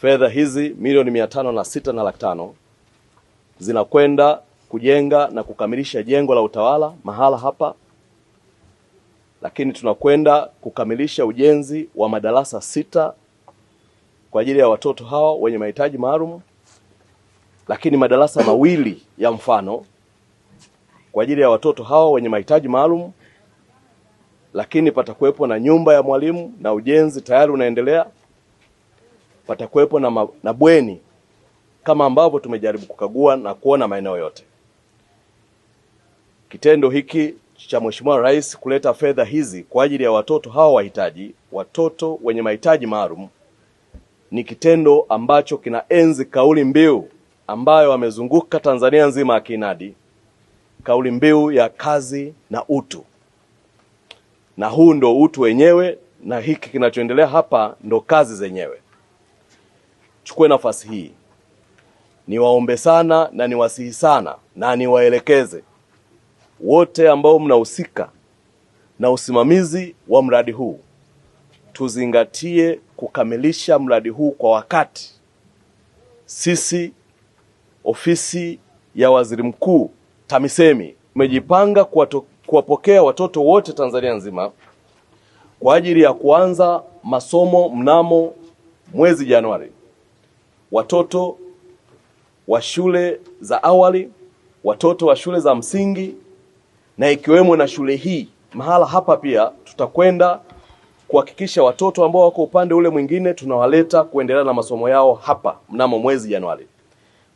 Fedha hizi milioni mia tano na sita na laki tano zinakwenda kujenga na kukamilisha jengo la utawala mahala hapa, lakini tunakwenda kukamilisha ujenzi wa madarasa sita kwa ajili ya watoto hawa wenye mahitaji maalum, lakini madarasa mawili ya mfano kwa ajili ya watoto hawa wenye mahitaji maalum, lakini patakuwepo na nyumba ya mwalimu na ujenzi tayari unaendelea patakuwepo na, na bweni kama ambavyo tumejaribu kukagua na kuona maeneo yote. Kitendo hiki cha Mheshimiwa Rais kuleta fedha hizi kwa ajili ya watoto hawa wahitaji, watoto wenye mahitaji maalum ni kitendo ambacho kinaenzi kauli mbiu ambayo amezunguka Tanzania nzima akinadi kauli mbiu ya kazi na utu, na huu ndo utu wenyewe, na hiki kinachoendelea hapa ndo kazi zenyewe chukue nafasi hii niwaombe sana na niwasihi sana na niwaelekeze wote ambao mnahusika na usimamizi wa mradi huu, tuzingatie kukamilisha mradi huu kwa wakati. Sisi ofisi ya waziri mkuu TAMISEMI umejipanga kuwapokea watoto wote Tanzania nzima kwa ajili ya kuanza masomo mnamo mwezi Januari watoto wa shule za awali, watoto wa shule za msingi na ikiwemo na shule hii. Mahala hapa pia tutakwenda kuhakikisha watoto ambao wako upande ule mwingine tunawaleta kuendelea na masomo yao hapa mnamo mwezi Januari.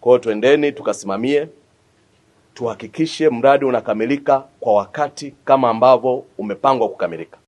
Kwa hiyo twendeni tukasimamie, tuhakikishe mradi unakamilika kwa wakati kama ambavyo umepangwa kukamilika.